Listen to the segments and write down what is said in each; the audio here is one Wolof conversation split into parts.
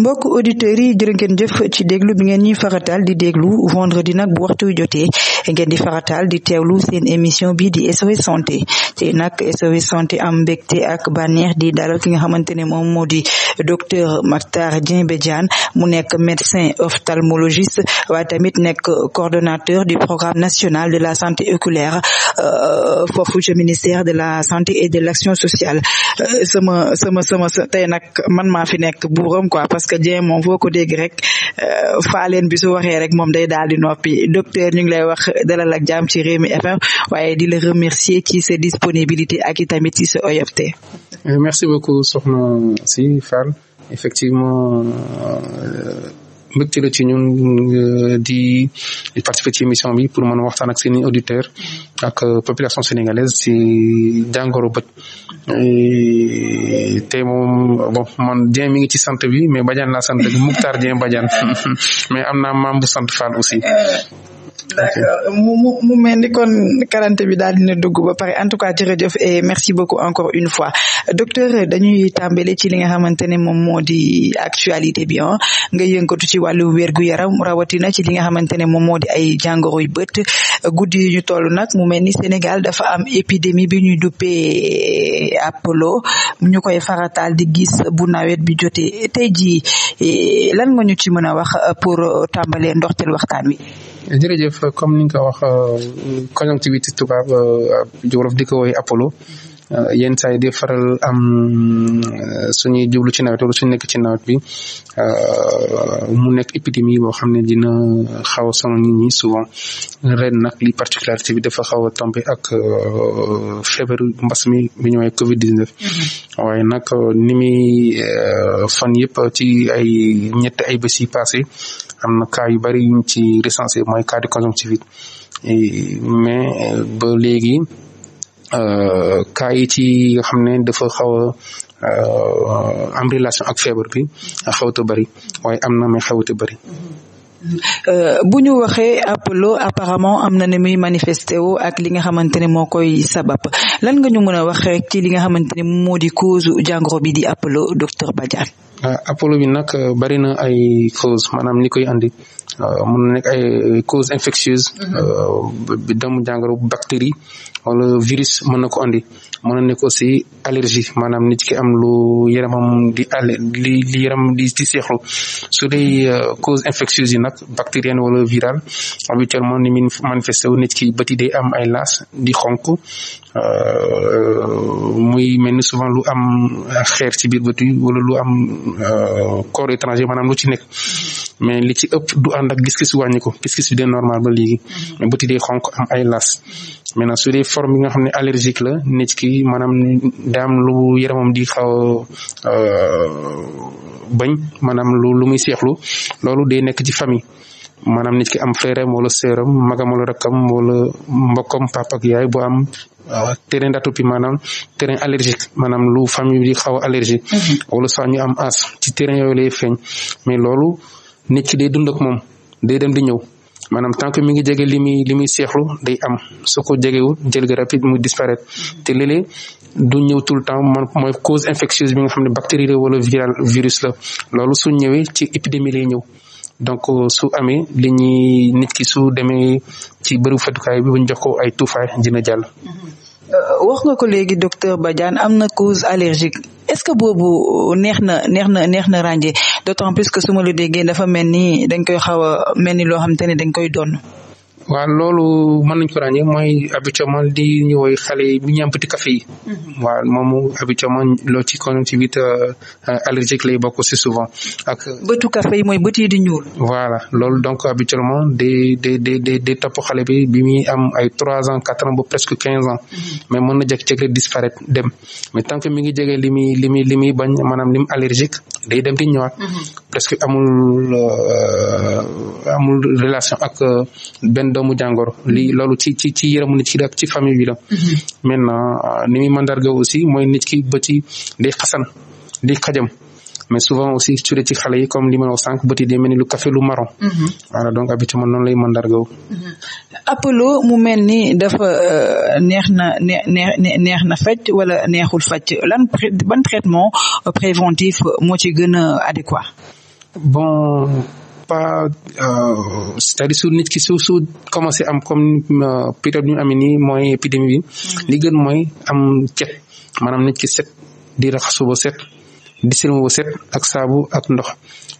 mbokk auditeurs yi jërë ngeen jëf ci déglu bi ngeen ñuy faratal di déglu vendredi nag bu waxtu jotee ngeen di faratal di teewlu seen émission bi di SOS santé te nag SOS santé am mbégte ak bànneex di dalal ki nga xamante ne moom moo di docteur Makhtar Dieng Badiane mu nekk médecin ophtalmologiste waaye tamit nekk coordonnateur du programme national de la santé oculaire euh, foofu ci ministère de la santé et de l'action sociale euh, sama sama sama tey nag man maa fi nekk buuram quoi parce que Dieng moom foo ko dégg Euh, Fallène bi su waxee rek moom day daal di noppi docteur ñu ngi lay wax dalal ak jàmm ci Rewmi FM waaye di la remercier ci sa disponibilité ak i tamit ci sa oyoftee. Euh, merci beaucoup soxna si Fall effectivement. Euh, ci la ci ñun euh, di participer ci émission bi pour mën a waxtaan ak seen auditeurs ak euh, population sénégalaise ci jàngoro bët te moom bon man mi ngi ci sant bi mais Badiane laa sant bi Muktar Dieng Badiane mais am naa maam bu sant Fall aussi. Euh, mu mu mu mel ni kon karante bi daal dina dugg ba pare en tout cas jërëjëf et merci beaucoup encore une fois docteur dañuy tàmbale ci li nga xamante ne moom moo di actualité bi ah nga yëngatu ci wàllu gu yaram rawatina ci li nga xamante ne moom moo di ay jàngoro yu bët guddi ñu toll nag mu mel ni Sénégal dafa am épidémie bi ñuy duppee eh, apollo ñu koy farataal di gis bu nawet bi jotee tey jii eh, lan nga ñu ci mën a wax eh, pour tàmbalee ndoxteel waxtaan wi. jërëjëf comme ni nga ko wax conjonctivité tubaab euh, jolof di ko woy apollo euh, yenn saa yi faral am euh, suñuy jublu ci nawet wala suñu nekk ci nawet bi mu nekk épidémie boo xam ne dina xaw son sonal souvent ren nag li particularité bi dafa xaw a tombé ak feebaru mbas mi bi ñu Covid 19. Mm-hmm. waaye nag ni muy fan yëpp ci ay ñett ay bés yi am na cas yu bari yuñ ci recensé mooy cas de conjonctivite mais ba léegi euh, cas yi ci nga xam ne dafa xaw a euh, am relation ak feebar bi xawta bari waaye am na mais xawta bari euh, bu ñu waxee Apollo apparemment am na ne mi manifesté wu ak li nga xamante ne moo koy sabab lan nga ñu mën a wax rek ci li nga xamante ne moo di cause jàngoro bi di Apollo docteur Badiane Euh, apolo bi nag euh, bari na ay cause maanaam ni koy andi euh, mën na nekk ay cause infectieuse mhm. doomu jàngoro bactérie wala virus mën na ko andi mën na nekk aussi allergie maanaam nit ki am lu yaramam di alle li li yaram di di seexlu su dee cause infectieuse yi nag bactérienne wala virale habituellement ni muy manifesté wu nit ki bëti day am ay laas di xonk Euh, muy mel ni souvent lu am euh, xeer ci biir bët yi wala lu am euh, corps étranger maanaam lu ci nekk mais li ci ëpp du ànd ak gis-gis wàññi ko gis-gis bi de normal ba léegi mais bët yi day xonk am ay las maintenant su dee forme yi nga xam ne allergique la nit ki maanaam daam lu yaramam di xaw bañ maanaam lu lu muy seexlu loolu day nekk ci famille maanaam nit ki am frèram wala sœuram magam wala rakkam wala mbokkam papa yaay bu am euh, terrain d'atopie maanaam terrain allergique maanaam lu famille bi xaw a allergique mm-hmm. wala soit ñu am as ci terrain yooyu lay feeñ mais loolu nit ki day dund ak moom day dem di ñëw maanaam tant que mi ngi jege li muy li muy seexlu day am su ko jegewul jël ga rapide mu disparaître mm-hmm. te léeg-léeg du ñëw tout le temps man mooy cause infectieuse bi nga xam ne bactérie la wala viral virus la loolu su ñëwee ci épidémie lay ñëw donc euh, su amee li ñuy nit ki su demee ci bërëb fajukaay bi bu ñu jox ko ay tuufaay dina jàll. Euh, wax nga ko léegi docteur Badiane am na cause allergique est-ce que boobu euh, neex na neex na neex na ràññee d'autant plus que su ma la déggee dafa mel ni dañ koy xaw a mel ni loo xam te ne dañ koy doon. waaw loolu mën nañ ko ràññee mooy habituellement di ñu woy xale yi bu ñu am petit café yi mhm. waaw moomu habituellement loo ci conjonctivite euh, euh, allergique lay bokk aussi souvent ak euh, bëtu café yi mooy bët yi di ñuul voilà loolu donc habituellement day day day day day topp xale bi bi muy am ay trois ans quatre ans ba presque quinze ans mhm. mais mën na jékki-jékki rek disparaître dem mais tant que mi ngi jege li muy li muy li muy bañ maanaam li mu allergique day dem di ñëwaat mhm. presque amul amul relation ak benn doomu jàngoro lii mm-hmm. loolu ci ci ci yaramu nit ki la ci famille bi la mm-hmm. maintenant euh, ni muy mandarga aussi mooy nit ki bëti day xasan di xajam mais souvent aussi su dee ci xale yi comme li ma wax sànq bëti day mel ni lu café lu marron mm-hmm. voilà donc habituellement noonu lay mandarga wu apollo mu mel ni dafa euh, neex na neex neex na faj wala neexul faj lan ban traitement euh, préventif moo ci gën a adéquat bon pas euh, c'est-à-dire su nit ki su su commencé am comme euh, période bi ñu amee nii mooy épidémie bi mm. li gën mooy am cet maanaam nit ki set di raxasu ba set di silma ba set ak saabu ak ndox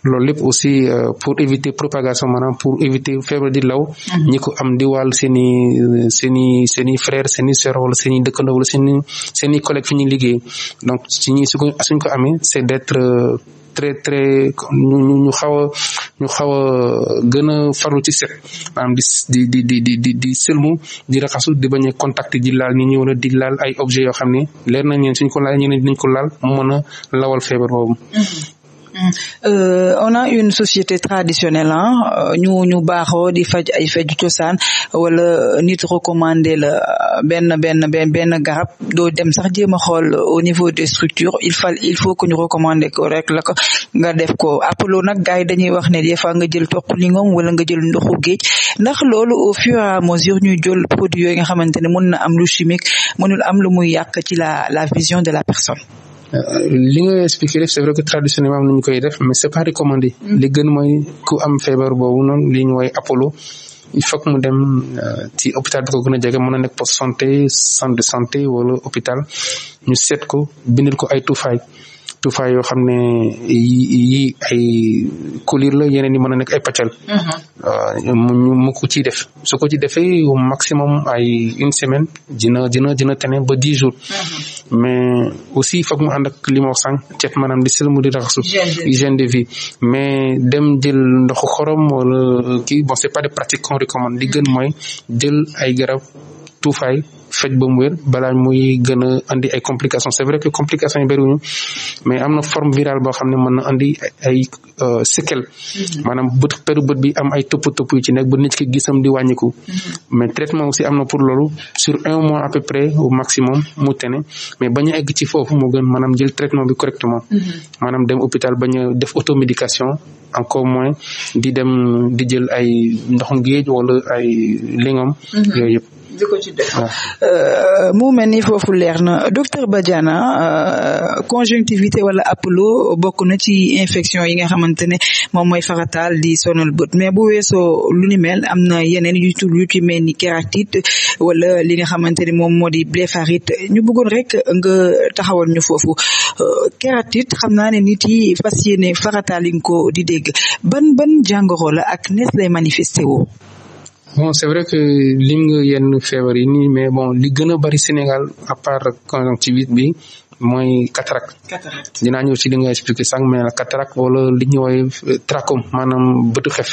loolu lépp aussi euh, pour éviter propagation maanaam pour éviter feebar di law mm-hmm. ñi am di wàll seen i seen i seen i frère seen i sœur wala seen i dëkkandoo collègue fi ñuy liggéey donc suñu su suñ ko amee c'est d'être très très ñu ñu ñu xaw a ñu xaw a gën a farlu ci set maanaam di di di di di di sëlmu di raxasu di bañ contact di laal nit ñi wala di laal ay objets yoo xam ne leer nañ leen suñ ko laal ñeneen dinañ ko laal mu mën a lawal feebar boobu. Mm-hmm. Euh, on a une société traditionnelle ah ñu ñu baaxoo di faj ay faju cosaan wala nit recommandé la benn benn ben benn garab doo dem sax jéem a xool au niveau de structures il faut il faut que ñu recommandé ko rek la ko nga def ko appeloo nag gars yi dañuy wax ne des fois nga jël toq lingom wala nga jël ndoxu géej ndax loolu au fur et à mesure ñuy jël produit yooyu nga xamante ne mën na am lu chimique mënul am lu muy yàq ci la la vision de la personne Euh, li nga expliqué def c'est vrai que traditionnellement am nañu koy def mais c'est pas recommandé. Mm. li gën mooy ku am feebar boobu noonu li ñu woy apollo il faut mu dem euh, ci hôpital bi ko gën a jege mën na nekk poste santé centre de santé wala hôpital ñu seet ko bindal ko ay tuufaay. tuufaay yoo xam ne yi ay coulure la yeneen yi mën a nekk ay pàccal. Mm-hmm. Ah, mu mu ko ciy def so ko ci defee au maximum ay une semaine dina dina dina tene ba dix jours. Mm-hmm. mais aussi foog mu ànd ak li ma wax sànq cet maanaam di sëlmu di raxasu. hygiène de vie mais dem jël ndoxu xorom wala kii bon c'est pas des pratiques qu'on recommande li gën jël ay garab tuufaay. faj ba mu wér balaa muy gën a andi ay complications c'est vrai que complications yi bëriwuñu mais am na forme virale boo xam ne mën na andi ay euh, séquelles mm-hmm. maanaam bët bët bi am ay topp topp yu ci nekk ba nit ki gisam di wàññiku mm-hmm. mais traitement aussi am na pour loolu sur un mois à peu près au maximum mu tene mais bañ a egg ci foofu moo gën maanaam jël traitement bi correctement mm-hmm. maanaam dem hôpital bañ a def automédication encore moins di dem di jël ay ndoxu géej wala di ko ah. euh, mu mel ni foofu leer na docteur Badiana euh, conjonctivité wala apolo bokk na ci infection yi nga xamante ne moom mooy farataal di sonal bët mais bu weesoo lu ni mel am na yeneen yu tur yu ci mel ni kératite wala li nga xamante ni moom moo di blépharite ñu buggoon rek nga taxawal ñu foofu euh, kératite xam naa ne nit yi fas yéene farataal yi nga ko di dégg ban ban jàngoro la ak nees lay manifesté woo bon c'est vrai que lim nga yenn feebar yi ni mais bon li gën a bari Sénégal à part conjonctivite bi mooy cataracte. cataracte dinaa ñëw ci li nga expliqué sànq mais la cataracte wala li ñuy woowee euh, trachome maanaam bëtu xef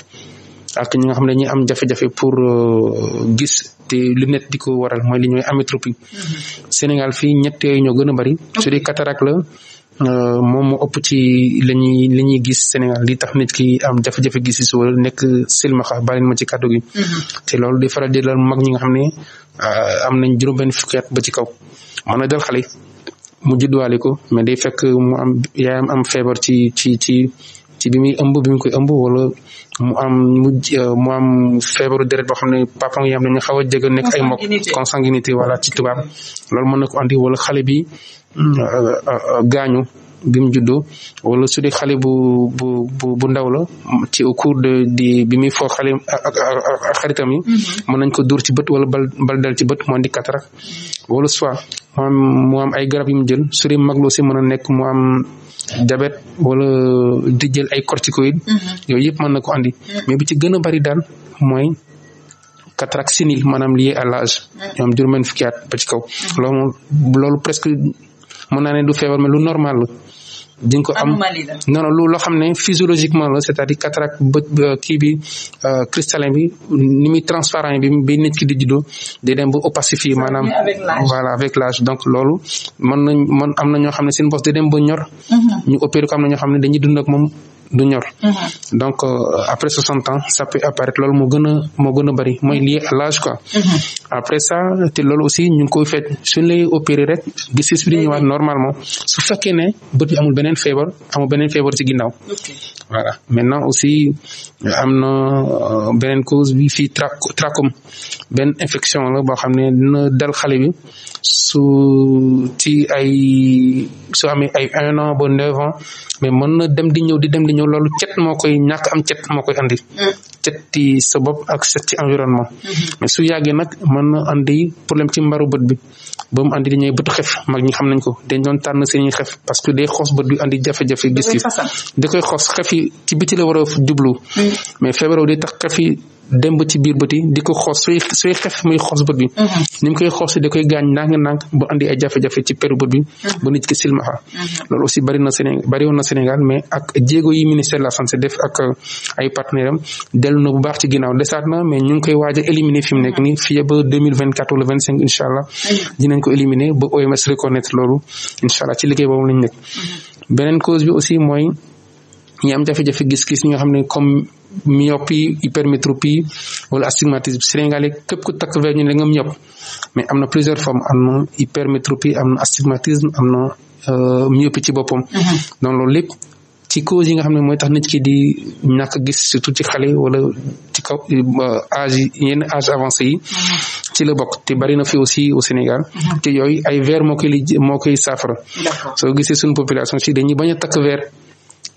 ak ñi nga xam ne dañuy am jafe-jafe pour euh, gis te lunette di ko waral mooy li ñuy amétropie. Mm-hmm. Sénégal fii ñett yooyu ñoo gën a bari. su dee la. Euh, moom moo ëpp ci la ñuy li ñuy gis Sénégal li tax nit ki am jafe-jafe gis si wala nekk silmaxa baleen ma ci kàddu gi. Mm-hmm. te loolu di faral di dal mag ñi nga xam ne euh, am na juróom-benn fukki at ba ci kaw mën na dal xale mu juddwaale ko mais day fekk mu am yaayam am feebar ci ci ci ci bi muy ëmb bi mu koy ëmb wala mu am mu euh, mu am feebaru deret boo xam ne papa yaayam dañu xaw a jege nekk ay mbokk consanguinité voilà ci tubaab loolu mën na ko andi wala xale bi. Euh, gaañu bi mu juddoo wala su dee xale bu bu bu ndaw la ci au cours de di bi muy foo xale ak xaritam yi. Mm-hmm. mën nañ ko dóor ci bët wala bal bal dal ci bët mu andi cataracte wala soit mu am mu ay garab yu jël su dee mag la aussi mën a nekk mu am diabète wala di jël ay corticoïdes. Mm-hmm. yooyu yëpp na ko mm-hmm. ci gën a bari daal mooy. cataracte sénile maanaam lié fukki at ba ci kaw loolu presque mun naa ne du feebar mais lu normal la. di nga ko am non non lu loo xam ne physiologiquement la c'est-à-dire cataracte bët euh, kii bi euh, cristallin bi ni muy transparent bi bi nit ki di juddoo di dem ba opacifié maanaam. voilà avec l'âge donc loolu mën nañ mën am na ñoo xam ne seen bos di dem ba ñor. Mm-hmm. ñu opéré am na ñoo xam ne dañuy dund ak moom. du ñor. donc euh, après soixante ans ça peut apparaître loolu moo gën a moo gën a bëri mooy lié à l'âge quoi. après ça te loolu aussi ñu ngi koy fekk suñ lay opéré rek gis-gis bi ñëwaat normalement su fekkee ne bët bi amul beneen feebar amul beneen feebar ci ginnaaw. voilà maintenant aussi am na euh, beneen cause bi fii trach trachome benn infection la boo xam ne dina dal xale bi. su ci ay su amee ay un an ba neuf mais mën na dem di ñëw di dem di ñëw loolu cet moo koy ñàkk am cet moo koy andi. Mm. cet ti sa bopp ak cet ci environnement. Mm-hmm. mais su yàggee nag mën na andi problème ci mbaru bët bi ba mu andi dañuy bët xef mag ñi xam nañ ko dañ doon tànn seeni xef parce que day xos bët bi andi jafe-jafe. gis-gis da koy xos xef yi ci biti la war a jublu. Mm. mais feebar day tax xef dem ba ci biir bët yi di ko xoos xef muy xoos bët bi. Mm-hmm. ni koy xoosee da koy gaañ ndànk-ndànk ba andi ay jafe-jafe ci peru bët bi. Mm-hmm. ba nit ki silmaxa. Mm-hmm. loolu aussi bari na Sénégal bari woon na Sénégal mais ak jéego yi ministère de la santé def ak euh, ay partenaires am dellu na bu baax ci ginnaaw desaat na mais ñu koy waaj a éliminer fi mu nekk nii fii ba deux mille vingt quatre wala vingt cinq incha beneen cause bi aussi mooy. ñi am jafe-jafe gis-gis ñi nga xam ne comme myopie hypermétropie wala astigmatisme sénégalais képp ku takk veille ñu ne nga myope mais am na plusieurs formes am na hypermétropie am na astigmatisme am na euh, myopie ci boppam. Mm-hmm. donc loolu lépp ci cause yi nga xam ne mooy tax nit ki di ñàkk gis surtout ci xale wala ci kaw âge yenn âge avancé yi. Mm-hmm. ci la bokk te bari na fi aussi au Sénégal. Mm-hmm. te yooyu ay verre moo koy moo koy saafara. soo gisee suñu population si dañuy bañ a takk verre.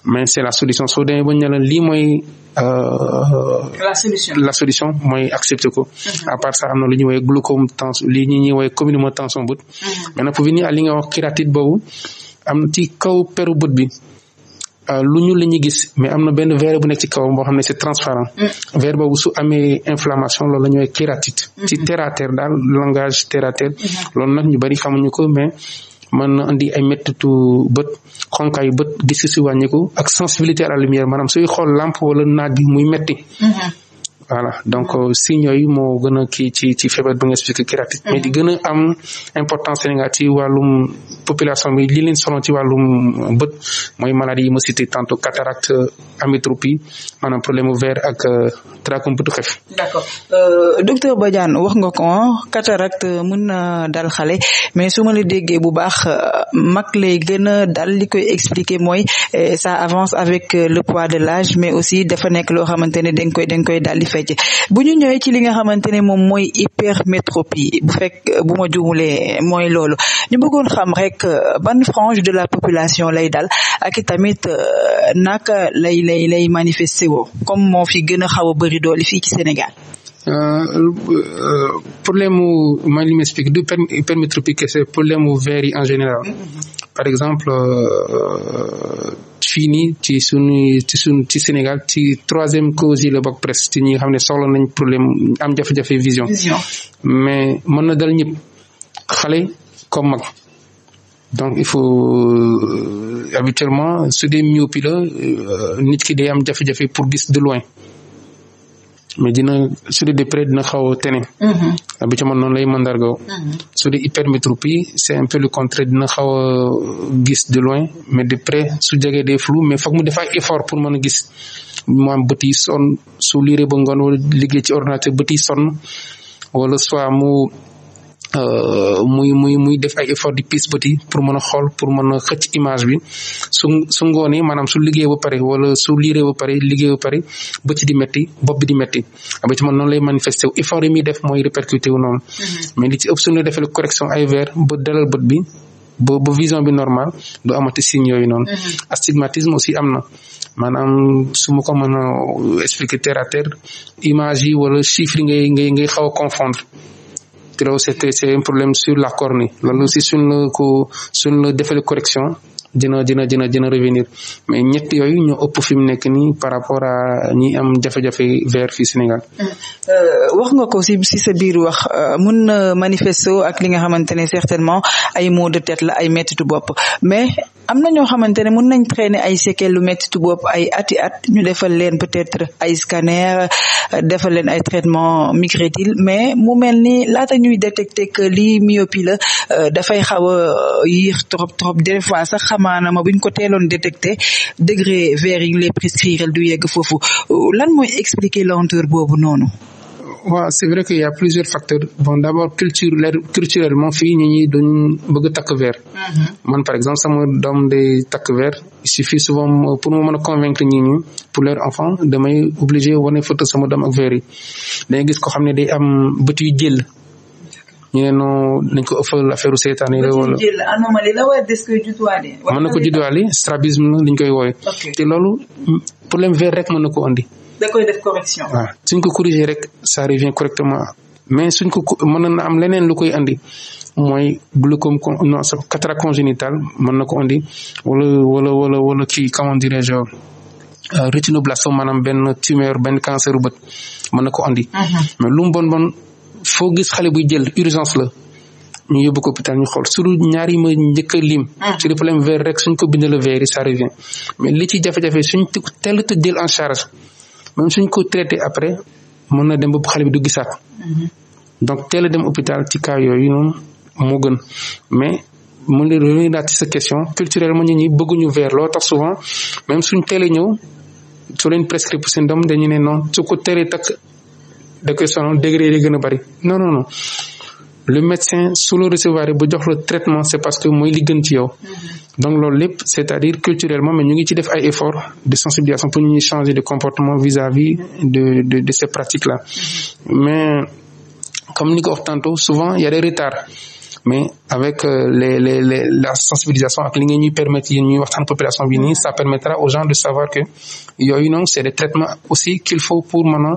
mais c'est la solution soo demee ba ñu ne mooy. Euh, la solution la solution mooy accepter ko. Mhm. à part am na lu ñuy woowee glaucome tension lii ñi ñuy woowee communément tension bët. Mhm. maintenant pour venir a li nga wax kératite boobu am ci kaw peru bët bi. Euh, lu ñu la ñuy gis mais am na benn verre bu nekk ci kawam boo xam ne c'est transparent mhm. verre boobu su amee inflammation loolu la ñuy kératite ci terre à daal langage terre à loolu nag ñu bari xamuñu ko mën na andi ay méttitu bët xonkaayu bët gis si wàññiku ak sensibilité à la lumière maanaam suy xool làmp wala naaj bi muy metti mm-hmm. voilà donc euh, signes mo moo gën ci ci feebar bi nga expliqué kératite mais di gën a am importance Sénégal ci wàllum population bi li leen sonal ci wàllum bët mooy maladie yi ma cité tantôt cataracte amétropie maanaam problème mu verre ak euh, trachome bëtu xef. d'accord euh, docteur Badiane wax nga ko cataracte mën na dal xale mais su ma la déggee bu baax mag lay gën a dal li koy expliquer mooy ça avance avec le poids de l'âge mais aussi dafa nekk loo xamante ne koy dal di fay ji bu ñu ñëwee ci li nga xamante ne moom mooy hypermétropie bu fekk bu ma juumulee mooy loolu ñu bëggoon xam rek ban frange de la population lay dal aki i tamit naka lay lay lay manifesté woo comme moo fi gën a xaw a bëri doole fii ci Sénégal. Euh, euh, problème mu man li ma explique du hypermétropie que problème mu en général mm-hmm. par exemple. Euh, fii nii ci suñu ci suñ ci Sénégal ci troisième cause yi la bokk presque ci ñi nga xam ne soxla nañ problème am jafe-jafe vision mais mën na dal ñëpp xale comme mag donc il faut euh, habituellement su dee myopie la euh, nit ki day am jafe-jafe pour gis de loin mais dina su dee dépré dina xaw a tene. Mhm. bi ci noonu lay mandargaw. Mhm. su dee hypermétropie c' est un dina xaw gis de loin mais de près su jegee de flou mais foog mu defaa ay effort pour mën a gis mu am bët yi su liiree ba ngoon wala liggéey ci ordinateur bët son wala soit mu. Euh, muy muy muy def ay effort di piis bëti pour mën a xool pour mën a xëcc image bi su su ngoonee maanaam su liggéey ba pare wala su liiree ba pare liggéey ba pare bëti di métti bopp bi di métti ba ci man noonu lay manifesté yi muy def mooy répercuté wu noonu mm-hmm. mais li ci ëpp suñu defee correction ay verre ba dalal bët bi ba vision bi normal du amati si yooyu noonu mm-hmm. astigmatisme aussi am na maanaam su ma ko mën a expliquer terre image yi wala chiffre yi nga ngay xaw a confondre stéréocyté c'est un problème sur la cornée loolu aussi suñ la ko suñ la defal correction dina dina dina dina revenir mais ñett yooyu ño ëpp fi mu nekk nii par rapport a ñi am jafe-jafe vert fii Sénégal. Euh, wax nga ko si sa biir wax euh, mun na manifesto ak li nga xamante ne certainement ay maux de tête la ay méttitu bopp mais. am na ñoo xamante ne mën nañ traîner ay séquelles lu métti tu bopp ay ati at ñu defal leen peut-être ay scanner defal leen ay traitement microdil mais mu mel ni laata ñuy détecté que lii myopie la euh, dafay xaw a euh, yéex trop trop des fois sax xamaana ma buñ ko teeloon détecter degré vert yi ñu lay prescrire du yegg foofu euh, lan mooy expliquer lenteur boobu noonu waaw c'est vrai que y a plusieurs facteurs bon d'abord culturel culturellement fii ñi ñi duñ bëgg takk verre mm-hmm. man par exemple sama doom day takk verre il suffit souvent euh, pour mu mën a convaincre ñi ñi pour leur enfant damay obligé wane photo sama doom ak verre yi dangay gis ko xam ne day am bët yu jël ñu ne non ko ëffal affaire seetaan yi na ko judduwaale strabisme la liñ koy wooye te loolu problème verre rek mën na ko andi da koy def suñ ko corriger rek ça revient correctement mais suñ ko mën na am leneen lu koy andi mooy glaucome con non sa congénitale mën ko andi wala wala wala wala kii comment dirais-je euh, rétinoblastome maanaam benn tumeur benn cancer bët mën ko andi. Mhm. mais lu mu bon bon foo gis xale buy jël urgence la. ñu yóbbu ko hôpital ñu xool suru ñaari ma njëkk a lim. ci mhm. le problème vert rek suñ ko bindee le vert yi ça revient mais li ci jafe-jafe suñ teel a jël en charge. même suñ ko traité après mën na dem ba xale bi du gisaat mhm. donc teel a dem hôpital ci cas yooyu noonu moo gën mais mun ngi revenir naat ci sa question culturellement nit ñi bëgguñu verre loo tax souvent même suñ teel a ñëw su leen prescrire pour seen doom dañu ne noon su ko teree takk da koy sonal degré yi gën a bari non lu médecin su la recevoir ba jox la traitement c'est parce que mooy li gën ci yow mm-hmm. donc loolu lépp c'est-à-dire culturellement mais ñu ngi ci def ay efforts de sensibilisation pour ñu changer de comportement vis-à-vis de de ces pratiques là mm-hmm. mais comme ni ko wax tantôt souvent il y a des retards mais avec euh, les les les la sensibilisation ak li nga ñuy permettre yéen ñuy waxtaan population bi nii ça permettra aux gens de savoir que yooyu noonu c'est des traitements aussi qu'il faut pour mën a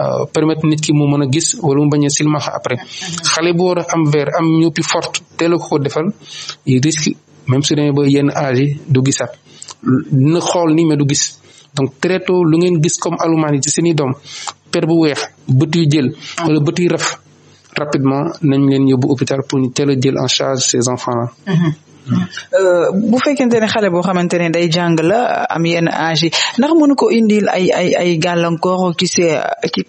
euh, permettre nit ki mu mën a gis wala mu bañ a silmaxa après xale bu war a am verre am ñoppi forte teel a ko ko defal risque même su demee ba yenn âge yi du gisaat dina xool ni mais du gis donc très lu ngeen gis comme alumaan yi ci seen i doom per bu weex bët yu jël wala bët raf rapidement nañ leen yóbbu hôpital pour ñu teel a jël en charge ces enfants là. Mhm. Euh, bu fekkente ne xale boo xamante ne day jàng la am yenn âge yi ndax mënu ko indil ay ay ay gàllankoor ci see ci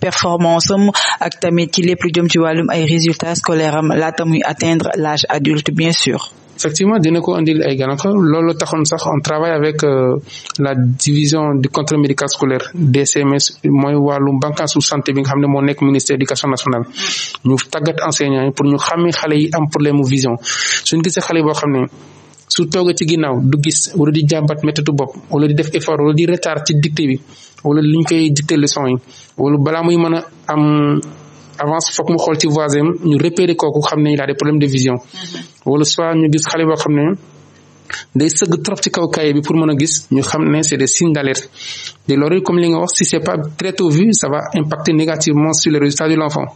ak tamit ci lépp lu jëm ci wàllum ay résultats scolaires am laata muy atteindre l'âge adulte bien sûr. effectivement dina ko indil ay gàllankoor loolu taxoon sax on travaille avec euh, la division du contrôle médical scolaire DCMS mooy wàllu su santé bi nga xam ne moo nekk ministère éducation nationale ñu tàggat enseignants yi pour ñu xamee xale yi am problème mu vision suñu gisee xale boo xam ne su toogee ci ginnaaw du gis wala di jàmbat méttitu bopp wala di def effort wala di retard ci dictée bi wala li ñu koy dicté leçon yi wala balaa muy mën a am. avance foog mu xool ci voisin ñu repérer kooku xam ne il a des problèmes de vision mhm. wala soit ñu gis xale boo xam ne day sëgg trop ci kaw kaye bi pour mën a gis ñu xam ne c'est des signes d'alerte de loolu comme li nga wax si c'est pas très tôt vu ça va impacter négativement sur les résultats de l'enfant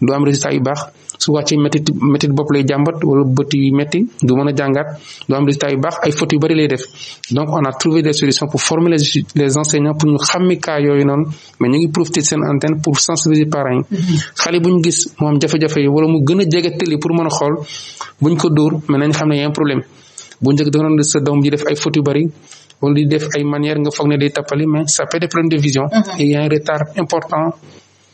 du am résultat yu baax su wàccee métit métit bopp lay jàmbat wala bët yu du mën a jàngaat du am yu baax ay fautes yu bëri lay def donc on a trouvé des solutions pour former les les enseignants pour ñu xàmmi cas yooyu noonu mais ñu ngi profité seen antenne pour sensibiliser parents mm-hmm. xale bu gis mu jafe-jafe wala mu gën a jege tëli pour mën a xool buñ ko dóor mais nañ xam ne y a un problème bu njëkk da sa doom ji def ay fautes yu bëri wala di def ay manières nga foog ne day mm-hmm. a un retard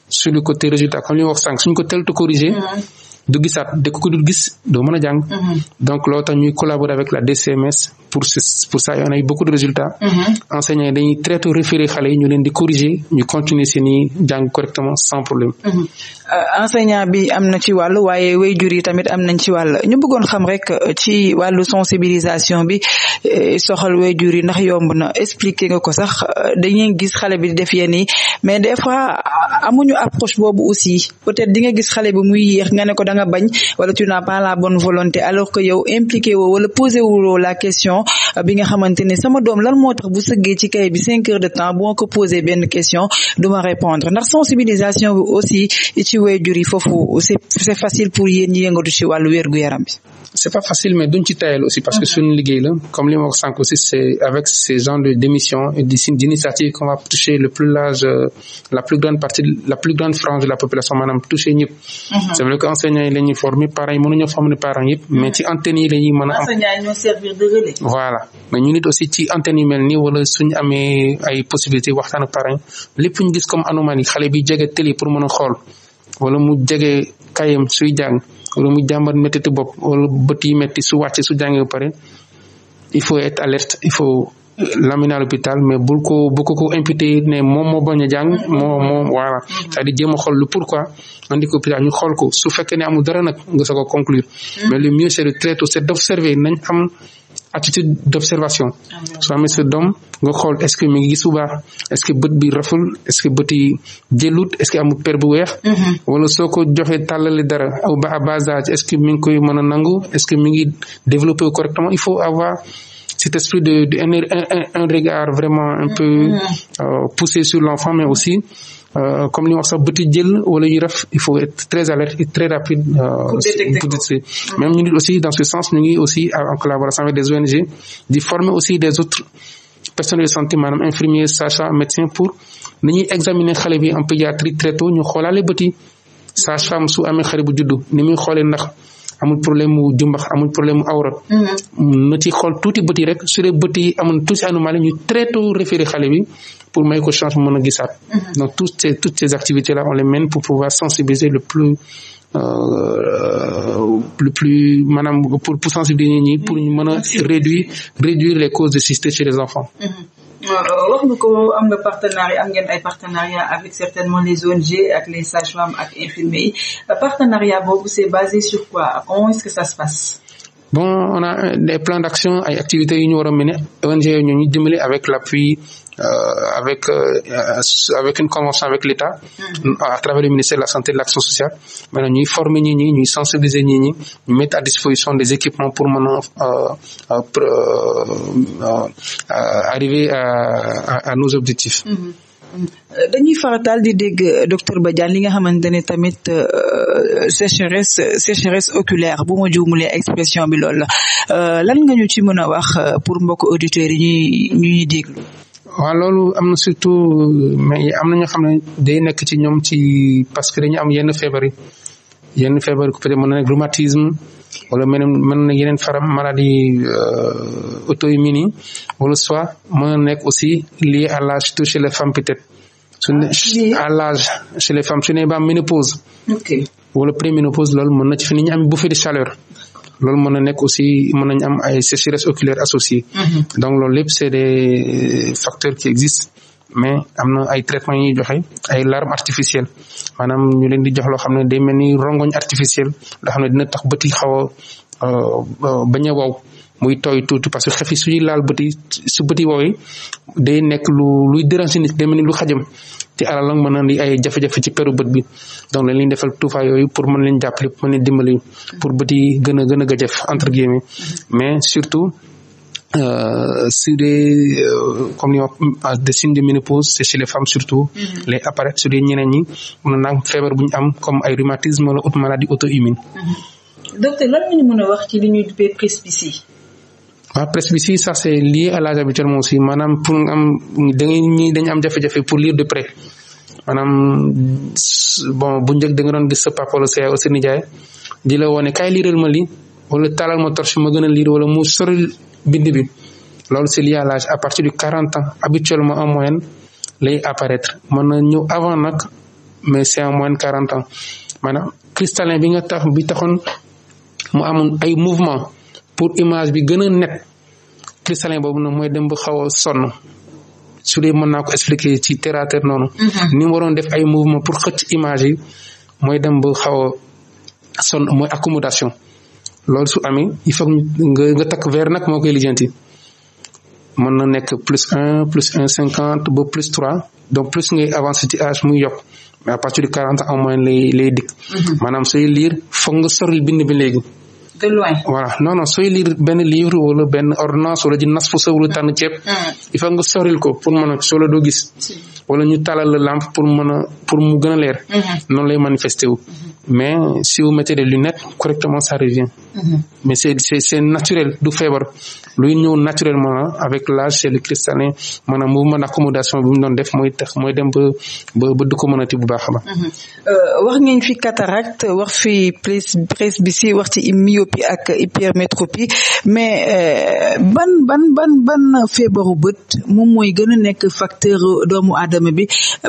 sur le côté résultat comme li wax sànq suñ ko teel a corrigé. Mhm. du gisaat de ko dul gis doo mën a jàng. Mhm. donc loolu tax ñuy collaborer avec la DCMS pour ce pour ça on a eu beaucoup de résultats. Mhm. enseignants yi dañuy très référé xale yi ñu leen di corriger ñu continuer seen i jàng correctement sans problème. Euh, enseignant bi am na ci wàll waaye waajur yi tamit am nañ ci wàll ñu bëggoon xam rek euh, ci wàllu sensibilisation bi euh, soxal waajur yi ndax yomb na expliquer nga ko sax dañuy gis xale bi di def yenn yi mais des fois amuñu approche boobu aussi peut-être di nga gis xale bi muy yéex nga ne ko da nga bañ wala tu n'as pas la bonne volonté alors que yow impliqué wo wala posé wuloo la question bi nga xamante ne sama doom lan moo tax bu sëggee ci kay bi cinq heures de temps boo ko posé benn question duma ndax ci waajur yi bi. ci tayal aussi parce que mm-hmm. suñu li ma ko sànq aussi c'est avec ces genres de démission et d'initiative qu'on va toucher le plus large la plus grande partie la plus grande frange de la population maanaam toucher ñëpp. Mm-hmm. c'est vrai que enseignants yi la ñuy former parents yi mënuñoo mm-hmm. ci antenne yi la ñuy mën a. enseignants ñu nit aussi ci antenne wala suñu amee ay possibilités waxtaan ak parents yi lépp ñu gis comme anomalie xale bi jege télé pour mën a xool. wala mu jege kayam suy jàng wala mu jàmbat méttiti bopp wala bët yi su wàcc su jàngee ba pare il faut être alerte il faut l'amener à l'hôpital mais bul ko bu ko ko imputé ne moom moo bañ a jàng moo moo waara cest à a xool lu pour andi ko hôpital ñu xool ko su fekkee ne amul dara nag nga soog a conclure mm. mais le mieux c'est de traiter c'est nañ xam attitude d' observation ah, soo amee sa doom nga xool est ce que mi ngi gis bu baax est ce que bët bi raful est ce que bët yi jëlut est ce que amul per bu weex mm-hmm. wala soo ko joxee tàllale dara aw ba à bas est ce que mi ngi koy mën a nangu est ce que mi ngi développé correctement il faut avoir cet esprit de, de un, un, un regard vraiment un mm-hmm. peu euh, poussé sur l'enfant mais aussi Euh, comme li wax sax bëti jël wala yu ref il faut être très alerte et très rapide. Euh, pour détecter ñu ngi aussi dans ce sens ñu ngi aussi en collaboration avec des ONG di former aussi des autres personnels de santé maanaam infirmiers sages-femmes médecins pour ni ñu examiner xale bi en pédiatrie très tôt ñu xoolaale bëti sage-femme su amee xale bu juddu ni muy xoolee ndax. amul problème mu jumbax amul problème mu awra mm-hmm. na ci xool tuuti bët yi rek su dee bët yi amul tuuti anomalie ñu très tôt xale bi pour may ko chance mu mën a gisaat. donc toutes ces toutes ces activités on les mène pour pouvoir sensibiliser le plus. Euh, le plus maanaam pour pour sensibiliser nit pour ñu mën a mhm. réduire les causes de cystite chez les enfants. wax mhm. nga ko am partenariat avec certainement les ONG ak les sages-femmes ak infirmiers yi euh, euh, des plans d'action ay activités yu ñu war a ONG yooyu ñu dimbali avec l'appui Euh, avec euh, avec une convention avec l'État mm-hmm. à travers le ministère de la santé et de l'action sociale maintenant ñuy former ñi ñi ñuy sensibiliser ñi ñi ñu mettre à disposition des équipements pour mën a euh, arriver à à nos objectifs mm-hmm. dañuy farataal di dégg docteur Badiane li nga xamante ne tamit sécheresse sécheresse oculaire bu ma juumulee expression bi loolu la lan nga ñu ci mën a wax pour mbokk auditeurs yi ñuy déglu waa loolu am na surtout mais am na ñoo xam ne day nekk ci ñoom ci parce que dañu am yenn feebar yi yenn feebar yi peut mën na nekk rhumatisme wala mën mën na yeneen faram maladie euh, auto-immune yi wala soit mën na nekk aussi lié à l'âge surtout chez les femmes peut-être su ah, à l'âge chez les femmes su ne ba am ménopause wala préménopause loolu mën na ci fi ni ñu am bouffée de chaleur loolu mën na nekk aussi mën nañu am ay sécheresse oculaire associée mhm. donc loolu lépp c'est des facteurs qui existent mais am na ay traitements yu ñuy joxe ay larmes artificielles maanaam ñu leen di jox loo xam ne day mel ni rongoñ artificielle loo xam ne dina tax bët yi xaw a euh, euh, bañ a wow muy tooy tuuti parce que xef yi suñuy laal bët su bëti yi woowee day nekk lu luy déranger nit day mel ni lu xajam ci alal ak mën a indi ay jafe-jafe ci peru bët bi donc dañ defal tuufaay yooyu pour mën leen jàppale mën leen dimbali pour bët yi gën a gën a gëjëf entre guillemets mm-hmm. mais surtout euh, su dee euh, comme ni wax de signe de ménopause c'est chez les femmes surtout mm-hmm. les apparaître su dee ñeneen feebar bu am comme ay rhumatisme wala auto-immune mm-hmm. docteur lan la ñu a wax ci li ñuy duppee waa presse bi si ça c'est lié à l'âge habituel aussi maanaam pour nga am da ngay ñi am jafe-jafe pour lire de près maanaam bon bu njëkk da nga doon gis sa papa wala sa yaay wala sa nijaay di la woone kaay liiral ma lii wala taalal ma torche ma gën a liir wala mu soril bind bi loolu c'est lié à l'âge à partir de quarante ans habituellement en moyenne lay apparaître mën na ñëw avant nag mais c'est en moyenne quarante ans maanaam cristallin bi nga tax bi taxoon mu amoon ay mouvement pour image bi gën a net cristallin boobu nag mooy dem ba xaw a sonn su dee mën naa ko expliquer ci terre à noonu. Mhm. ni mu waroon def ay mouvement pour xëcc image yi mooy dem ba xaw a sonn mooy accommodation loolu su amee il faut nga nga takk verre nag moo koy lijjanti. mën na nekk plus un plus un cinquante ba plus trois donc plus ngay avancer ci âge muy yokk mais à partir de quarante en moyenne lay lay dikk. Mhm. maanaam sooy liir foog nga soril bind bi léegi. de loin. voilà non non sooy lire benn livre wala benn ordonnance wala ji nas fu sa wala ceeb. Mm. il faut nga soril ko pour mën a solo doo gis. wala ñu talal la lampe pour mën a pour mu gën a leer. Mm-hmm. noonu lay manifester wu. Mm-hmm. mais si vous mettez des lunettes correctement ça revient. Mm-hmm. mais c'est c'est c'est naturel du feebar. luy ñëw naturellement avec l'âge chez le cristalin maanaam mouvement d'accommodation bi mu doon def mooy tax mooy dem ba ba du ko mënati bu baax a baax. Mhm. Euh, wax ngeen fi cataracte wax fi presbytie wax ci myopie ak hypermétropie mais euh, ban ban ban ban feebaru bët moom mooy gën a nekk facteur doomu aadama bi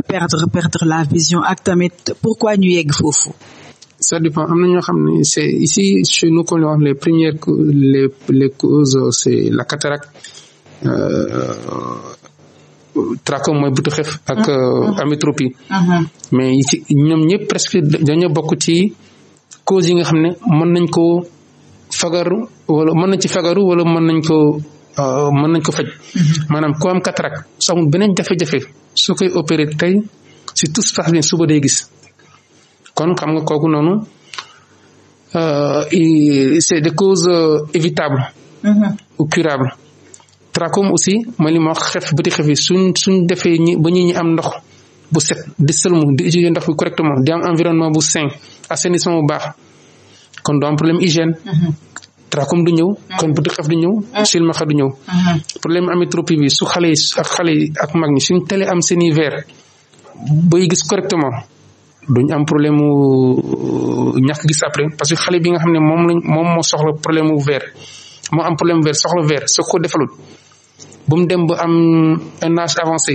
perdre perdre la vision ak tamit pourquoi ñu yegg foofu. ça dépend am na ñoo xam ne c'est ici chez nous qu'on les premières les les causes c'est la cataracte euh, trachome mooy ak mm-hmm. euh, amétropie mm-hmm. mais ci ñoom ñëpp presque dañoo bokk ci causes yi nga xam ne mën nañ ko fagaru wala mën nañ ci fagaru wala mën nañ ko euh, mën nañ ko faj mm-hmm. maanaam ku am cataracte soo amul su koy opéré tey si tout se passe bien suba day gis kon xam nga kooku noonu euh, c'est des causes euh, évitables mm-hmm. ou curables trachome aussi mooy li ma wax xef bëti xef yi suñ suñ defee ñi ba ñi ñi am ndox bu set di sëlmu di utiliser ndox bi correctement di am environnement bu sain assainissement bu baax kon du am problème hygiène mm-hmm. trachome du ñëw mm-hmm. kon bëti xef du ñëw silmaxa du ñëw problème amétropie bi su xale yi ak mag ñi suñ telee am seeni verre bay gis correctement duñ am problème mu euh, ñàkk gis après parce que xale bi nga xam ne moom lañ moom moo soxla problème mu vert moo am problème vert soxla vert soo ko defalul ba mu dem ba am un âge avancé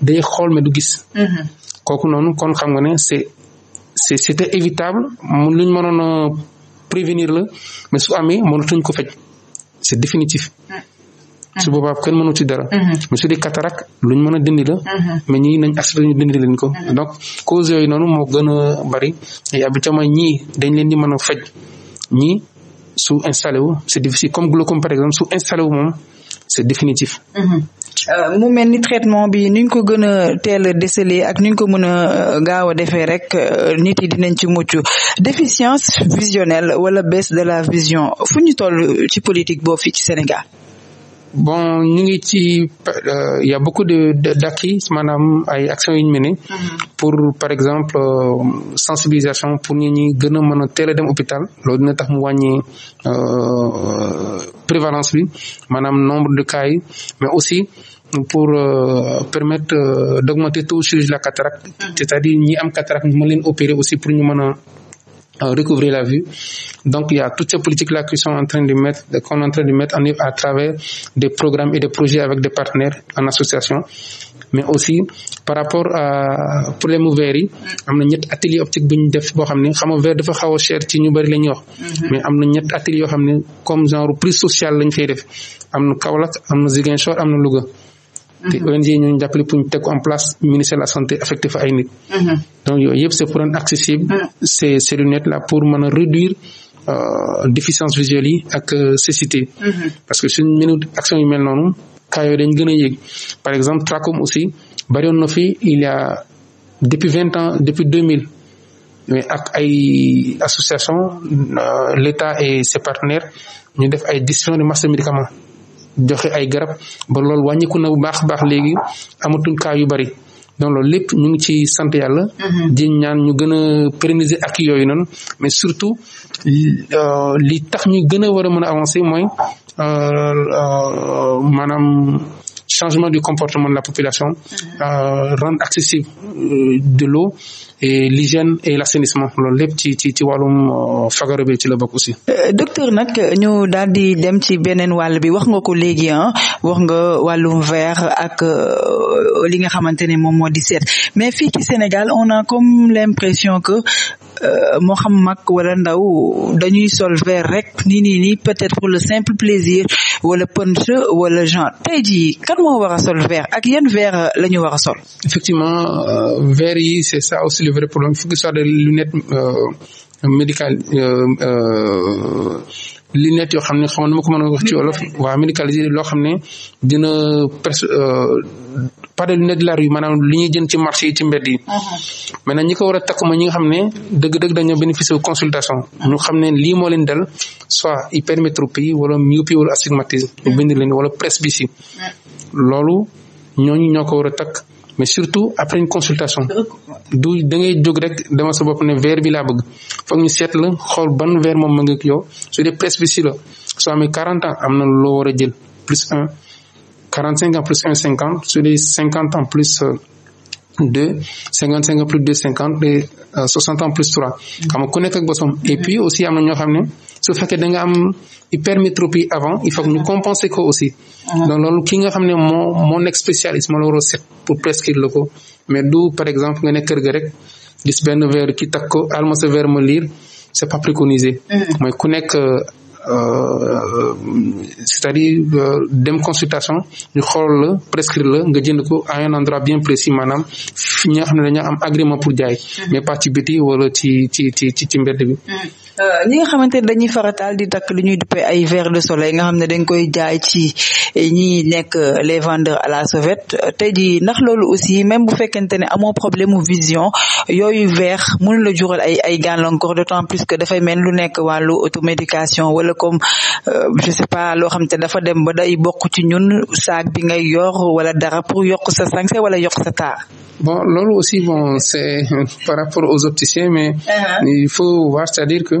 day xool mais du gis. Mm-hmm. kooku noonu kon xam nga ne c'est c'est c'était évitable mu luñ mënoon a prévenir la mais su amee mënatuñ ko faj c'est définitif. Mm -hmm. su boobaa kenn mënu ci dara. mais su dee cataracte luñ mën a dindi la. Mm-hmm. mais ñii nañ assuré ñu dindi leen ko mm-hmm. donc cause yooyu noonu moo gën a bari et ab jamono ñii dañ leen di mën a faj ñii su installé wu c'est difficile comme glaucome par exemple su installé wu moom c'est définitif. Mm-hmm. Euh, mu mel ni traitement bi ni ko gën a teel a déceler ak ni ko mën a euh, gaaw a defee rek euh, nit yi dinañ ci mucc déficience visionnelle wala baisse de la vision fu ñu toll ci politique boo fii ci Sénégal. bon ñu ngi ci euh, y a beaucoup de d'acquis maanaam ay actions yu ñu mené mm-hmm. pour par exemple euh, sensibilisation pour ñu ñi gën a mën a teel dem hôpital loolu dina tax mu wàññi euh, prévalence bi maanaam nombre de cas mais aussi pour permettre d'augmenter taux chirurgie la cataracte mm-hmm. c'est-à-dire ñi am cataracte ñu mën leen opérer aussi pour ñu mën a recouvrer la vue. Donc il y a toutes ces politiques-là qui sont en train de mettre, qu'on est en train de mettre en œuvre à travers des programmes et des projets avec des partenaires en association. mais aussi par rapport à problème mu verre yi am na ñett atelier optique bu ñu def boo xam ne xam nga verre dafa xaw a cher ci ñu bëri la ñuy wax. Mhm. mais am na ñett atelier yoo xam ne comme genre prix social lañ fay def am na Kaolack am na Ziguinchor am na Louga. te mhm. ONG ñooñu jàppale pour ñu teg ko en place ministère de la santé affecté fa ay nit. Mhm. donc yooyu yëpp c'est pour rendre accessible. Mhm. ces ces lunettes là pour man a réduire. Euh, déficience visuelle yi ak euh, cécité. Mm parce que suñ mënut action yu mel noonu cas yooyu dañ gën a yéeg par exemple trachome aussi bariwoon na fi il y depuis vingt ans depuis deux mille mais ak ay association euh, l'État et ses partenaires ñu def ay distribution de masse de joxe ay garab ba loolu wàññiku na bu baax baax léegi amatuñ cas yu bari donc loolu lépp ñu ngi ci sant yàlla. Mm-hmm. di ñaan ñu gën a pérenniser ak yooyu noonu mais surtout lii euh, tax ñu gën a war a mën a avancer mooy euh, euh, maanaam changement du comportement de la population. Mm-hmm. rendre accessible de l'eau et l'hygiène et l'assainissement loolu lépp ci ci ci wàllum euh, bi ci la bokk aussi. Euh, docteur nag ñu daal di dem ci beneen wàll bi wax nga ko léegi ah wax nga wàllum verre ak euh, li nga xamante ne moom moo di seet mais fii ci Sénégal on a comme l'impression que moo xam mag wala ndaw dañuy sol verre rek nii ni nii peut-être pour le simple plaisir wala punch wala genre tey jii kan moo war sol verre ak yan verre la ñu war sol. effectivement verre yi c'est ça aussi vrai problème fukki soit des lunettes euh, médicales euh, euh, lunettes yoo xam ne xaw ma ko mën a wax ci olof waa médicalisé loo xam ne dina pres pas de lunettes de la rue maanaam li ñuy jënd ci marché yi ci mbedd yi. Uh-huh. na ñi ko war a takk mooy ñi nga xam ne dëgg-dëgg dañoo bénéficier consultation ñu xam ne lii moo leen dal soit hypermétropie wala myopie wala astigmatisme ñu bind leen wala presbytie loolu ñooñu ñoo ko war takk. surtout après une consultation du da ngay jóg rek dama sa bopp ne verre bi laa bëgg foog ñu seet la xool ban verre moom ma ngi yow su dee presbytie bi si la soo amee 40 ans am na loo war a jël plus un cinq ans plus un 50 su dee 50 ans plus. Euh, de 55 euh, ans plus de 50 et 60 ans plus 3 xam nga ku nekk ak bosom et puis aussi am na ñoo ne su fekkee da nga am hypermétropie avant il faut ñu compenser ko aussi ah. donc loolu ki nga xam ne moo moo nekk spécialiste moo la war a seet pour prescrire la ko mais du par exemple nga nekk kër ga rek gis benn verre ki takk ko alma sa verre ma liir c'est pas préconisé mm. mooy ku nekk euh, Euh, euh, c'est-à-dire euh, dem consultation ñu xool la prescrire la nga jënd ko à un endroit bien précis maanaam fi ñi ne dañoo am agrément pour jaay mm. mais pas ci biti wala ci ci ci ci mbedd bi mm. Euh, ñi nga xamante ne dañuy farataal di takk lu ñuy duppee ay verres de soleil nga xam ne dañ koy jaay ci eh, ñi nekk euh, les vendeurs à la sauvette euh, tey jii ndax loolu aussi même bu fekkente ne amoo problème mu vision yooyu verre mënu la jural ay ay de d'autant plus que dafay mel lu nekk wàllu automédication wala comme je sais pas loo xam te dafa dem ba day bokk ci ñun saag bi ngay yor wala dara pour yokk sa sanse wala yokk sa taar. bon loolu aussi bon c'est par rapport aux opticiens mais. Uh-huh. il faut voir c'est-à-dire que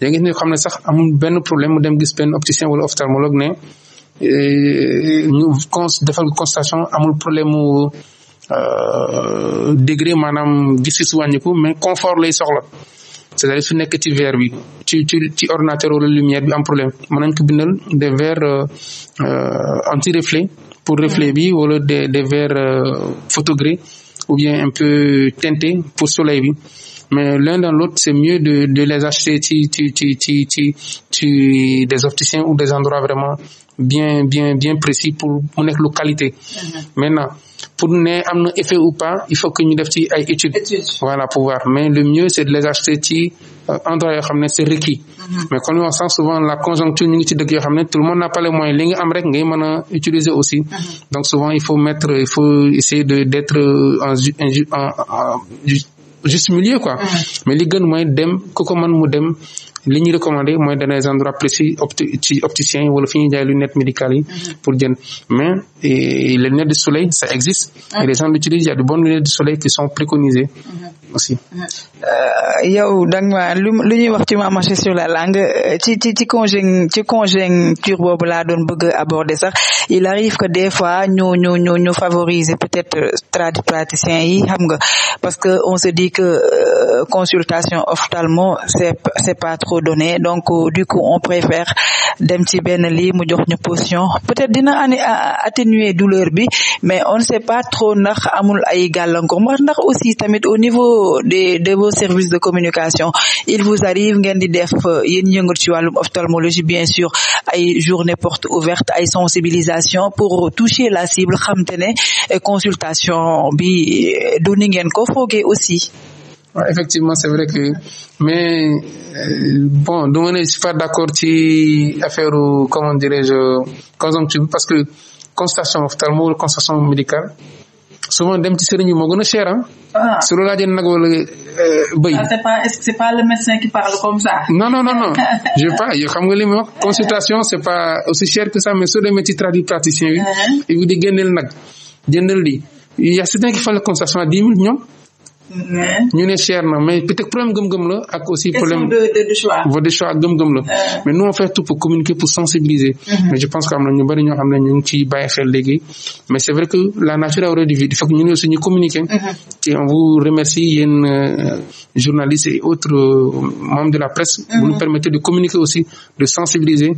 da ngeen xam ne sax amul benn problème mu dem gis benn opticien wala ophtalmologue ne eh, ñu cons defal constatation amul problème mu euh, degré maanaam gis-gis wàññiku mais confort lay soxla. c'est-à-dire su nekk ci verre bi ci ci ci ordinateur wala lumière bi am problème mën nañ ko bindal des verres euh, euh, anti-reflet pour reflet uh-huh. bi wala des des verres photogré ou bien un peu teintés pour soleil bi mais l'un dans l'autre c'est mieux de de les acheter ci ci ci ci ci ci des opticiens ou des endroits vraiment bien bien bien précis pour mu nekk lu qualité mhm. maintenant pour ne am na effet études voilà mais le mieux c'est de les ci euh, endroit yoo xam ne c'est requis mm-hmm. mais comme on sent souvent la conjoncture ñu ngi ci dëkk yoo xam ne tout le monde n'a pas les moyens am rek ngay mën utiliser aussi mm-hmm. donc souvent il faut mettre il faut essayer de d'être euh, en en juste milieu quoi mm-hmm. mais li gën mooy dem ku mu dem li ñu recommandé mooy dans les endroits précis ci opticien yi fi ñuy jaay lunettes médicales yi mhm. pour jënd mais les lunettes de soleil ça existe ah. et les gens l'utilisent il y a de bonnes lunettes de soleil qui sont préconisées mhm. aussi mhm. Euh, yow da nga lu lu ñuy wax ci ma marché sur la langue euh, ci ci ci conjoncture ci conjoncture boobu laa doon bëgg aborder sax il arrive que des fois ñu ñu ñu ñu favoriser peut-être euh, tradipraticiens yi xam nga parce que on se dit que consultation ophtalmo ko donné donc euh, du coup on préfère dem ci benn lii mu jox ñu potion peut-être dina ani atténuer douleur bi mais on ne sait pas trop ndax amul ay gàllankoor ndax aussi tamit au niveau des de vos services de communication il vous arrive ngeen di def euh, yéen yëngat ci wàllum ophtalmologie bien sûr ay journée porte ouverte ay sensibilisation pour toucher la cible xam te ne consultation bi euh, doni ngeen ko foogee aussi waaw effectivement c'est vrai que mais euh, bon du ma ne super d'accord ci affaire comment dirais-je conjoncture parce que constatation ophtalmo wala constatation médicale souvent dem ci sëriñ bi moo gën a cher ah. su loolu laajee nag wala euh, bëy. ah c'est pas c'est pas le non non non je sais pas xam nga li ma wax consultation c'est pas aussi cher que ça mais soo demee ci tradipraticien bi. Uh-huh. il vous dit nag jëndal lii y ya certains qui font la consultation à dix mille ñoom. ñu ne cher na mais peut-être problème gëm-gëm la ak aussi problème de de choix de choix gëm la mais nous on fait tout pour communiquer pour sensibiliser mm-hmm. mais je pense que am na ñu bari ñoo xam ne ñu ngi ciy bàyyi xel léegi mais c'est vrai que a horreur du vide il faut que ñu ne aussi ñu communiquer mm-hmm. et on vous remercie yéen euh, journalistes et autres euh, membres de la presse vous nous mm-hmm. permettez de communiquer aussi de sensibiliser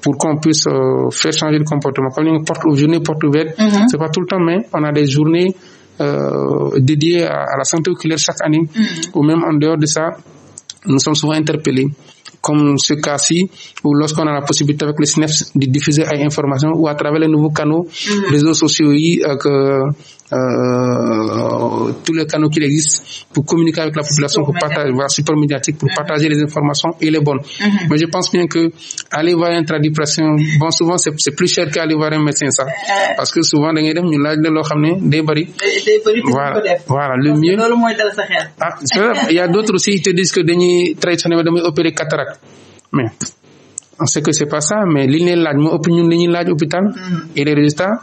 pour qu'on puisse euh, faire changer de comportement comme ni nga porte aux journées portes ouvertes c'est pas tout le temps mais on a des journées Euh, dédiés à, à, la santé oculaire chaque année, mm. ou même en dehors de ça, nous sommes souvent interpellés comme ce cas-ci, où a la possibilité avec le SNEF de diffuser à information ou à travers les nouveaux canaux, mm. réseaux sociaux, euh, euh, tous les canaux qu'il existe pour communiquer avec la population, pour partager, voilà, super médiatique, pour mm-hmm. partager les informations et les bonnes. Mm-hmm. Mais je pense bien que aller voir un tradipraticien, bon, souvent c'est plus cher qu'aller voir un médecin, ça. Euh. parce que souvent da ngay dem ñu laaj la loo xam ne day bëri. day bëri voilà le mieux loolu mooy dal ah c'est a d'autres aussi te disent que dañuy traditionnellement damay opérer cataracte on sait que c'est pas ça mais li ñu leen laaj moo ëpp ñun li ñuy laaj hôpital mm-hmm. et les résultats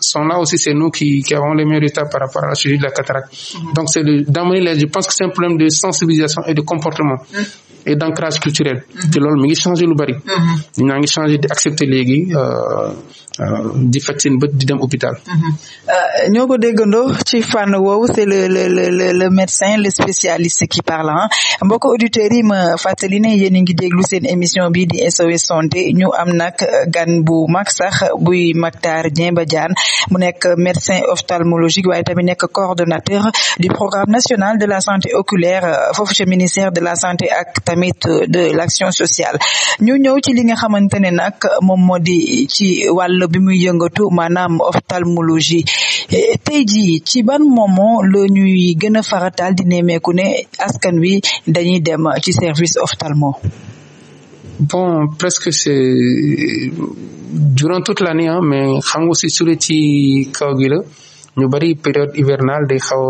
sont là aussi c'est nous qui qui avons les meilleurs résultats par rapport à la chirurgie de la cataracte mm-hmm. donc c'est le d'amener les je pense que c'est un problème de sensibilisation et de comportement mm-hmm. et d'ancrage culturel te loolu mi ngi changé lu bari mm-hmm. ñaa ngi changé di accepter léegi euh, euh, di faj seen bët di dem hôpital mm-hmm. euh, ñoo ko déggandoo ci fànn woowu c'est le le le le médecin le spécialiste qui parle mbokk auditeurs yi ma fàttali ne yéen a ngi déglu seen émission bi di SOS santé ñu am nag gan bu mag sax buy Mactar Dieng Badiane mu nekk médecin ophtalmologique waaye tamit nekk coordonnateur du programme national de la santé oculaire foofu ci ministère de la santé tamit euh, de l'action sociale ñu ñëw ci li nga xamante ne nag moom moo di ci wàll bi muy yëngatu maanaam ophtalmologie e, tey jii ci ban moment la ñuy gën a faratal di nemmeeku ne askan wi dañuy dem ci service ophtalmo bon presque c'est durant toute l'année mais xam si sure ci kaw ñu bëri période hivernale day xaw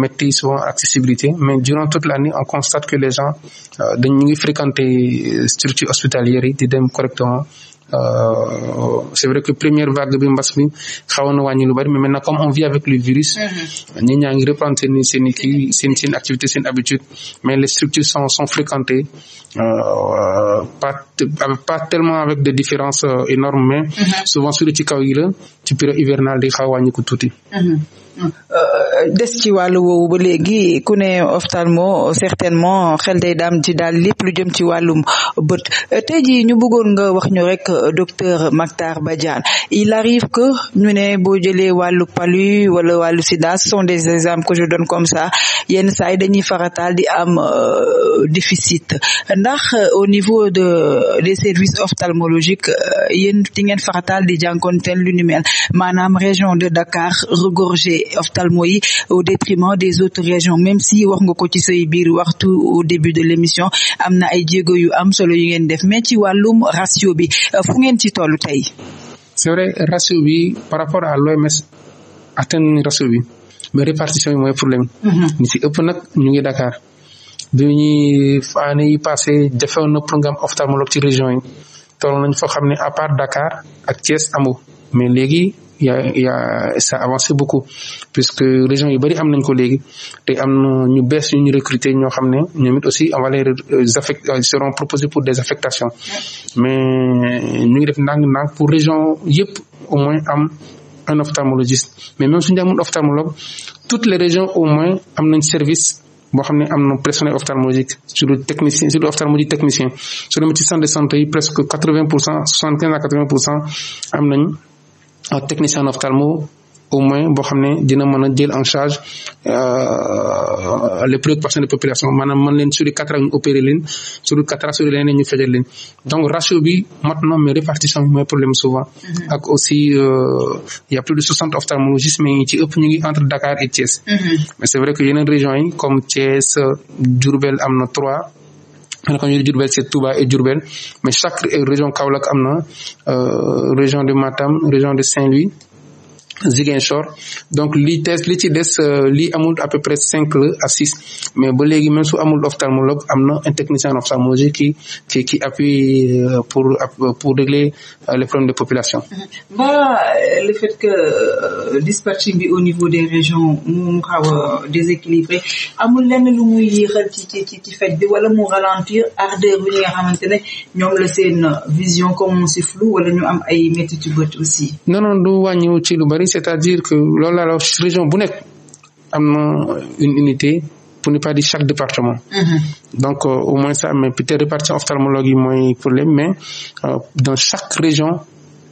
métti souvent accessibilité mais durant toute l'année on constate que les gens euh, dañ ñu ngi fréquenter euh, structures hospitalières yi di dem correctement Euh, c'est vrai que première vague bi mbas mi xaw na wàññi lu bari mais maintenant comme on vit avec le virus. Mhm. nit ñaa ngi reprendre seen seen seen activité seen habitude mais les structures sont sont fréquentées euh, pas pas tellement avec des différences euh, énormes mais. Mhm. souvent su ci kaw yi ci période hivernale di xaw a wàññi Euh, des ci wàllu woowu ba léegi ku ne ophtalmo certainement xel day daam ci daal lépp lu jëm ci wàllum bët tey jii ñu bëggoon nga wax ñu rek docteur Mactar Badiane il arrive que ñu ne boo jëlee wàllu palu wala wàllu sida ce sont des exemples que je donne comme ça yenn saa yi dañuy farataal di am euh, déficit ndax euh, au niveau de des services ophtalmologiques yéen di ngeen farataal di jànkonteel lu ni mel région de Dakar regorgée ophtalmo yi au détriment des autres régions même si wax nga ci say biir waxtu au début de l'émission am na ay jéego yu am solo yu ngeen def mais ci wàllum ratio bi fu ngeen ci tollu tey. c'est vrai ratio bi par rapport à l'OMS atteindre nañu ratio bi mais répartition yi mooy problème. ñu mhm. ci ëpp nag ñu Dakar. bi ñuy année yi passé jafewoon na pour nga am ophtalmologue ci région yi toll nañ foo xam ne à Dakar ak Thiès amu mais léegi yaa yaa ça beaucoup puisque région yi bëri am nañ ko léegi te am na ñu bees ñu ñu recruter ñoo xam ne ñoom it aussi on va les affect seront proposés pour des affectations mais ñu ngi def ndànk-ndànk pour région yëpp au moins am un ophtalmologiste mais même suñu amul ophtalmologue toutes les régions au moins am nañ service boo xam ne am na personnel ophtalmologique sur le technicien sur le ophtalmologie technicien de santé presque quatre vingt pour cent soixante quinze un technicien en ophtalmo au moins boo xam ne dina mën a jël en charge euh, les préoccupations de population maanaam mën leen suri quatre ans ñu opéré leen suri quatre ans suri leneen ñu fajal leen donc ratio bi mat na mais répartition bi mooy problème souvent mm-hmm. ak aussi euh, y a plus de soixante ophtalmologistes mais ci ëpp ñu ngi entre Dakar et Thiès mm-hmm. mais c'est vrai que yeneen régions yi comme Thiès Diourbel am na trois man ko ñu Diourbel c'est Touba et Diourbel mais chaque région Kaolack am na euh, région de Matam région de Saint-Louis Ziguinchor donc li tees li ci des euh, li amul à peu près cinq à six mais ba léegi même su amul ophtalmologue am na un technicien en ophtalmologie qui qui qui euh, pour pour régler euh, les problèmes de population. ba mhm. le fait que dispatching bi au niveau des régions mu xaw a amul lenn lu muy yéexal ci ci ci fête bi wala mu ralentir ardeur bi nga xamante ne ñoom la seen vision comme si flou wala ñu am ay métti ci bët aussi. non du wàññi ci lu bari. c'est-à-dire que loolu laa la région bu nekk am na une unité pour ne pas de chaque département. Mm-hmm. donc euh, au moins ça mais peut-être répartition ophtalmologue yi mooy problème mais euh, dans chaque région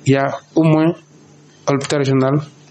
il y a au moins hôpital régional.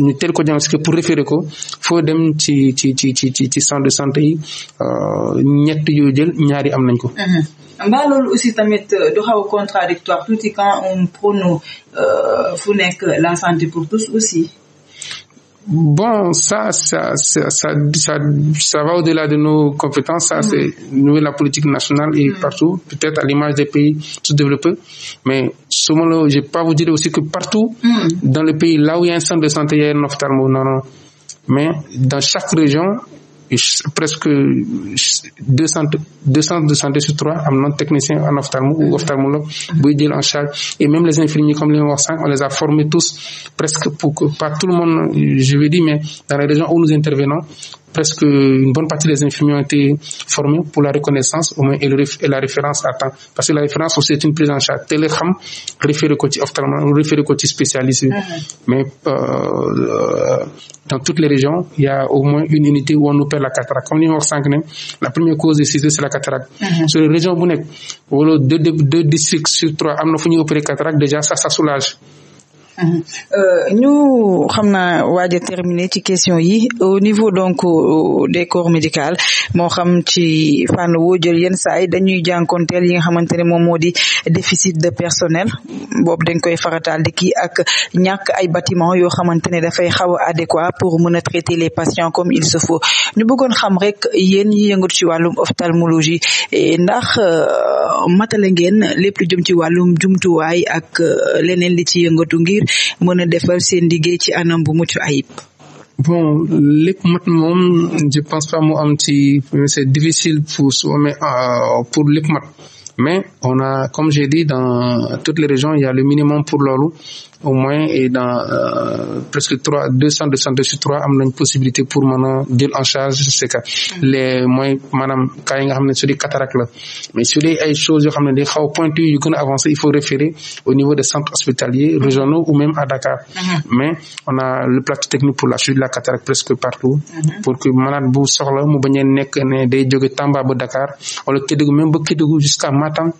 ñu teel ko diagnostiqué pour référer ko foo dem ci ci ci ci ci ci centre de santé yi euh, ñett yooyu jël ñaari am nañ ko. Mm-hmm. mbaa loolu aussi tamit euh, du xaw a contradictoire tuuti quand on prône euh, fu nekk la santé pour tous aussi. Bon, ça ça, ça, ça, ça, ça va au-delà de nos compétences. Ça, mmh. c'est nous, la politique nationale et mmh. partout, peut-être à l'image des pays sous-développés. Mais, selon je pas vous dire aussi que partout, mm. dans le pays, là où il y a un centre de santé, il y a non. Mais, dans chaque région, presque deux centres deux centres de santé sur trois am na technicien en ophtalmo ou ophtalmologue buy jël en charge et même les infirmiers comme li ma wax sànq on les a formés tous presque pour que pas tout le monde je veux dire mais dans les régions où nous intervenons presque une bonne partie des infirmiers ont été formés pour la reconnaissance au moins et, la référence à temps parce que la référence aussi est une prise en charge te la xam référé ko ci ophtalmo référé ko mm-hmm. mais euh, euh, dans toutes les régions au moins une unité où on la comme li ma wax sànq ne la première cause de cité c'est la cataracte mm -hmm. sur les régions bu nekk deux districts sur trois am na fu ñuy opérer déjà ça soulage Euh, ñu xam naa waaj a terminer ci question yi au niveau donc euh, des corps médical moo xam ci fànn woo jël yenn saa yi dañuy jànkonteel yi nga xamante ne moom moo di déficit de personnel boobu dañ koy farataal di kii ak ñàkk ay bâtiment yoo xamante ne dafay xaw a adéquat pour mën a traiter les patients comme il se faut ñu bëggoon xam rek yéen ñi yëngatu ci wàllum ophtalmologie eh, ndax euh, matale ngeen lépp lu jëm ci wàllum jumtuwaay ak leneen li ci yëngatu ngi ngir mën a defal seen liggéey ci anam bu mucc ayib. bon lépp mat moom je pense pas mu am ci c'est difficile pour mais euh, pour lépp mat mais on a comme j'ai dit dans toutes les régions il y a le minimum pour loolu. au moins et dans euh, presque trois deux centres de santé am nañ possibilité pour mën jël en charge ces cas mm-hmm. les mooy maanaam yi nga xam ne su dee cataracte la mais su dee ay choses yoo xam ne day xaw pointu yu gën a avancé il faut référer au niveau des centres hospitaliers régionaux ou même à Dakar mm-hmm. mais on a le technique pour la chirurgie la cataracte presque partout mm-hmm. pour que malade bu soxla mu bañ nekk ne day jóge Tamba ba Dakar wala Kédougou même ba Kédougou jusqu'à Matam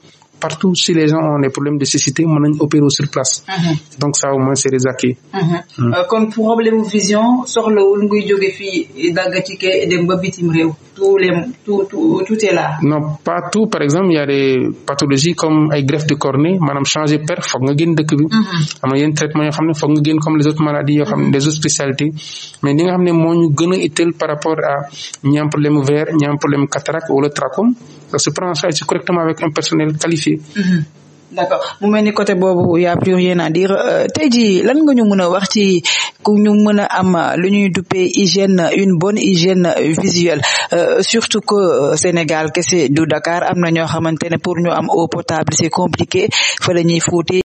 partout si les gens ont des problèmes de cécité mën nañ opérer sur place. Mhm. donc ça au moins c'est des acquis. kon mhm. mhm. euh, problème mu vision soxlawul nguy jóge fii dàgg ci kee dem ba bitim réew. tous les tout tout pas tout par exemple il y a des pathologies comme ay greffe de cornée maanaam changer per foog nga génn dëkk bi. Mhm. am na yenn traitement yoo xam ne foog nga génn comme les autres maladies yoo xam ne les mhm. autres spécialités mais li nga xam ne moo ñu gën par rapport a ñi am problème mu verre ñi am problème cataracte wala trachome ça se prend en charge correctement avec un personnel qualifié. Mhm. d'accord mu mel ni côté boobu y a plus rien à dire euh, tey jii lan nga ñu mën a wax ci ku ñu mën a am lu ñuy duppee hygiène une bonne hygiène visuelle euh, surtout que euh, Sénégal kese du Dakar am na ñoo xamante ne pour ñu am eau potable c'est compliqué fa la ñuy fóote